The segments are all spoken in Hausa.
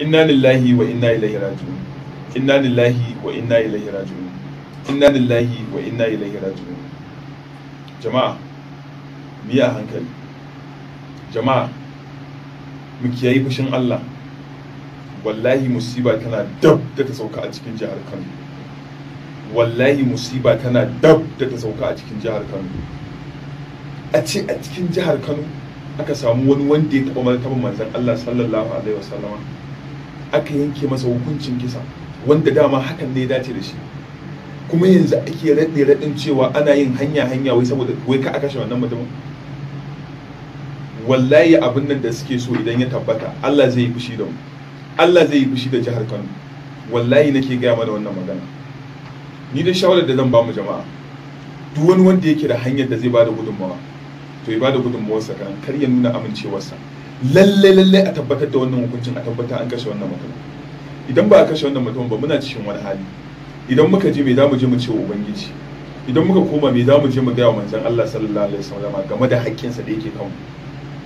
inna lillahi wa inna ilaihi raji'un inna lillahi wa inna ilaihi raji'un inna lillahi wa inna ilaihi raji'un jama'a mu yi a hankali jama'a mu kiyayi fushin Allah wallahi musiba tana dab da ta sauka a cikin jihar Kano wallahi musiba tana dab da ta sauka a cikin jihar Kano a ce a cikin jihar Kano aka samu wani wanda ya taɓa martaban manzon Allah sallallahu alaihi wasallama aka yanke masa hukuncin kisa wanda dama hakan ne ya dace da shi kuma yanzu ake raɗe raɗin cewa ana yin hanya hanya wai saboda wai ka aka wannan mutumin wallahi abin nan da suke so idan ya tabbata Allah zai yi fushi da mu Allah zai yi fushi da jihar Kano wallahi nake gaya mana wannan magana ni da shawarar da zan ba mu jama'a duk wani wanda yake da hanyar da zai bada gudunmawa to ya bada gudunmawarsa kan kar ya nuna amincewarsa lalle lalle a tabbatar da wannan hukuncin a tabbatar an kashe wannan mutum idan ba a kashe wannan mutum ba muna cikin wani hali idan muka je me zamu je mu ce wa ubangiji idan muka koma me zamu je mu ga wa manzon Allah sallallahu alaihi wasallam game da haƙƙinsa da yake kanmu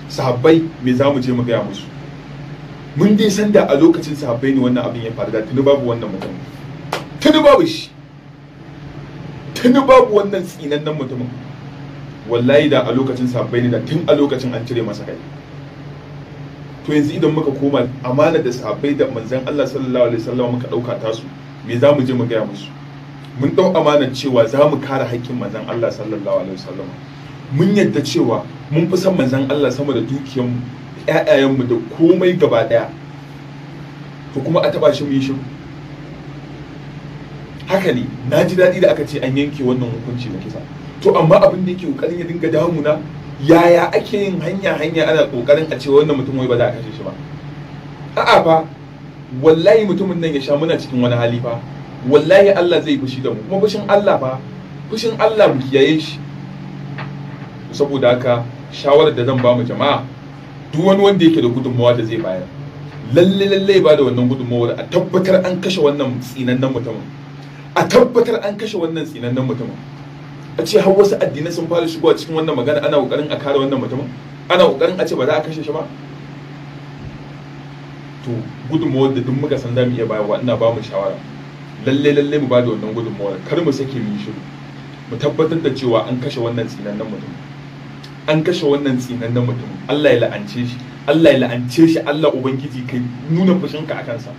sahabbai me zamu je mu ga musu mun dai san da a lokacin sahabbai ne wannan abin ya faru da tuni babu wannan mutum tuni babu shi tuni babu wannan tsinannen mutumin wallahi da a lokacin sahabbai ne da tun a lokacin an cire masa kai to yanzu idan muka koma amana da sahabbai da manzan Allah sallallahu alaihi wasallam muka dauka ta su me za mu je mu gaya musu mun ɗau amanar cewa za mu kare haƙƙin manzan Allah sallallahu alaihi wasallam mun yadda cewa mun fi san manzan Allah sama da dukiyar mu ƴaƴayen mu da komai gaba daya to kuma a taba shi mu yi shi haka ne na ji daɗi da aka ce an yanke wannan hukunci na kisa to amma abin da yake kokarin ya dinga na. yaya ake yin hanya hanya ana kokarin a ce wannan mutum wai ba za a kashe shi ba a'a fa wallahi mutumin nan ya sha muna cikin wani hali fa wallahi Allah zai fushi da mu kuma fushin Allah fa fushin Allah mu kiyaye shi saboda haka shawarar da zan ba mu jama'a duk wani wanda yake da gudunmawa da zai bayar lalle lalle ba da wannan gudunmawar a tabbatar an kashe wannan tsinannen mutumin a tabbatar an kashe wannan tsinannen mutumin a ce har wasu addinai sun fara shigowa cikin wannan magana ana kokarin a kare wannan mutumin ana kokarin a ce ba za a kashe shi ba to gudunmawar da duk muka san za mu iya bayarwa ina ba mu shawara lalle lalle mu ba da wannan gudunmawar kar mu sake mu shiru mu tabbatar da cewa an kashe wannan tsinannen mutum an kashe wannan tsinannen mutum Allah ya la'ance shi Allah ya la'ance shi Allah ubangiji kai nuna fushinka a kansa